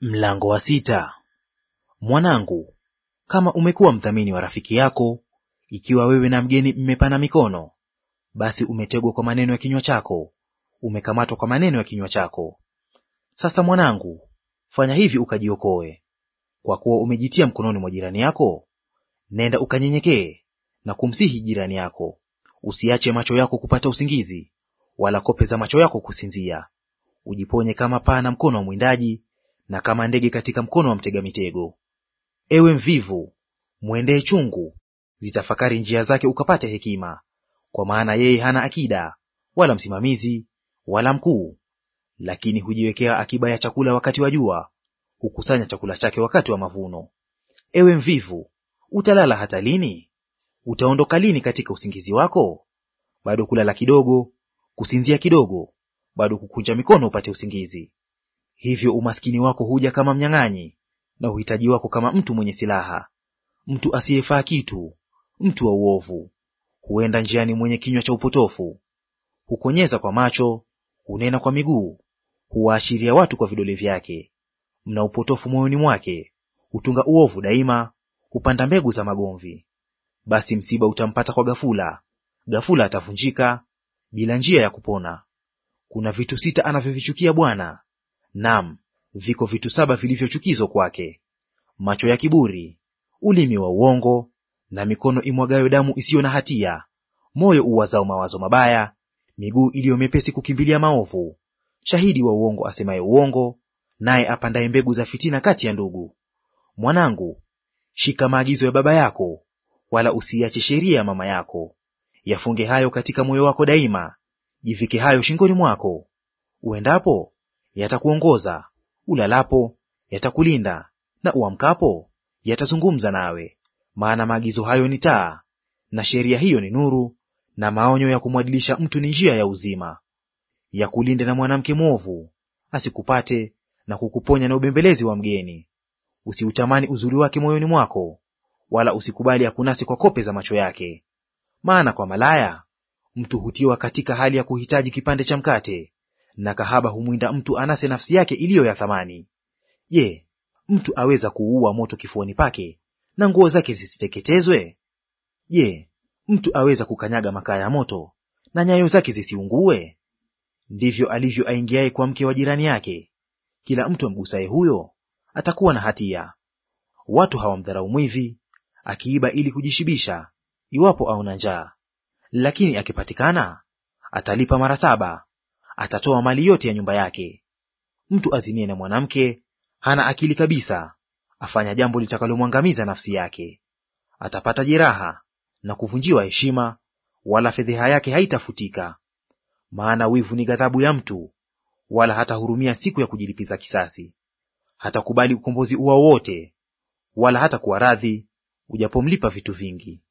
Mlango wa sita. Mwanangu, kama umekuwa mdhamini wa rafiki yako, ikiwa wewe na mgeni mmepana mikono, basi umetegwa kwa maneno ya kinywa chako, umekamatwa kwa maneno ya kinywa chako. Sasa mwanangu, fanya hivi ukajiokoe. Kwa kuwa umejitia mkononi mwa jirani yako, nenda ukanyenyekee na kumsihi jirani yako. Usiache macho yako kupata usingizi, wala kope za macho yako kusinzia. Ujiponye kama paa na mkono wa mwindaji na kama ndege katika mkono wa mtega mitego. Ewe mvivu, mwendee chungu, zitafakari njia zake ukapate hekima, kwa maana yeye hana akida wala msimamizi wala mkuu, lakini hujiwekea akiba ya chakula wakati wa jua, hukusanya chakula chake wakati wa mavuno. Ewe mvivu, utalala hata lini? Utaondoka lini katika usingizi wako? Bado kulala kidogo, kusinzia kidogo, bado kukunja mikono upate usingizi. Hivyo umaskini wako huja kama mnyang'anyi, na uhitaji wako kama mtu mwenye silaha, mtu asiyefaa kitu, mtu wa uovu. Huenda njiani mwenye kinywa cha upotofu, hukonyeza kwa macho, hunena kwa miguu, huwaashiria watu kwa vidole vyake. Mna upotofu moyoni mwake, hutunga uovu daima, hupanda mbegu za magomvi. Basi msiba utampata kwa ghafula, ghafula atavunjika bila njia ya kupona. Kuna vitu sita anavyovichukia Bwana, Naam, viko vitu saba vilivyochukizo kwake: macho ya kiburi, ulimi wa uongo, na mikono imwagayo damu isiyo na hatia, moyo uwazao mawazo mabaya, miguu iliyo mepesi kukimbilia maovu, shahidi wa uongo asemaye uongo, naye apandaye mbegu za fitina kati ya ndugu. Mwanangu, shika maagizo ya baba yako, wala usiiache sheria ya mama yako. Yafunge hayo katika moyo wako daima, jivike hayo shingoni mwako, uendapo yatakuongoza; ulalapo, yatakulinda; na uamkapo, yatazungumza nawe. Maana maagizo hayo ni taa, na sheria hiyo ni nuru, na maonyo ya kumwadilisha mtu ni njia ya uzima. Yakulinde na mwanamke mwovu, asikupate na kukuponya na ubembelezi wa mgeni. Usiutamani uzuri wake moyoni mwako, wala usikubali akunasi kwa kope za macho yake. Maana kwa malaya mtu hutiwa katika hali ya kuhitaji kipande cha mkate, na kahaba humwinda mtu anase nafsi yake iliyo ya thamani. Je, mtu aweza kuua moto kifuani pake na nguo zake zisiteketezwe? Je, mtu aweza kukanyaga makaa ya moto na nyayo zake zisiungue? Ndivyo alivyo aingiaye kwa mke wa jirani yake; kila mtu amgusaye huyo atakuwa na hatia. Watu hawamdharau mwivi akiiba ili kujishibisha, iwapo aona njaa; lakini akipatikana atalipa mara saba atatoa mali yote ya nyumba yake. Mtu azinie na mwanamke hana akili kabisa, afanya jambo litakalomwangamiza nafsi yake. Atapata jeraha na kuvunjiwa heshima, wala fedheha yake haitafutika. Maana wivu ni ghadhabu ya mtu, wala hatahurumia siku ya kujilipiza kisasi. Hatakubali ukombozi uwao wote, wala hatakuwa radhi ujapomlipa vitu vingi.